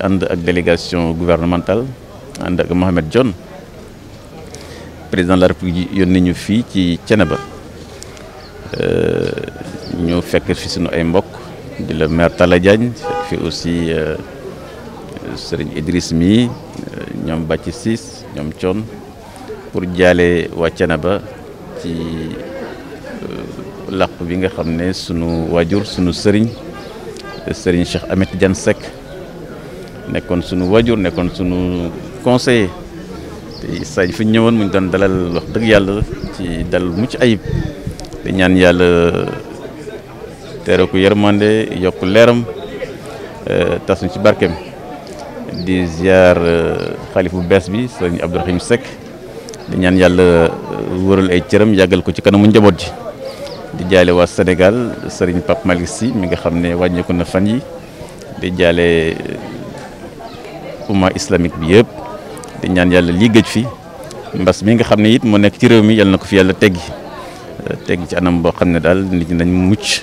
ànd ak délégation gouvernementale ànd ak Mohamed Dionne président de la République yónni ñu fii ci Thiénaba euh, ñoo fekk fi sunu ay mbokk di la maire Talla Diagne fekk fi aussi euh, Serigne Idriss mi euh, ñoom Bàcci Siis ñoom coon pour jaale waa Thiénaba ci làq bi nga xam ne sunu waajur sunu sëriñ sëriñ Cheikh Ahmed Diagne Seck nekkoon sunu waajur nekkoon sunu conseiller te saaj fi ñu ñëwoon mu ñu doon dalal wax dëgg yàlla ci dalal mucc ayib te ñaan yàlla teere ko yërmande yokk leeram eh, tas ñu ci barkeem di ziar eh, xalif bees bi sëriñ Abdourahim Seck di ñaan yàlla eh, wëral ay cëram yàggal ko ci kanamu njaboot ji di jaale waa Sénégal sëriñ Pape Malick Sy mi nga xam ne wàññeeku na fan yi di jaale groupement islamique bi yëpp di ñaan yàlla lii gëj fi mbas mi nga xam ne it mu nekk ci réew mi yàlla na ko fi yàlla teggi teggi ci anam boo xam ne daal nit ñi nañ mucc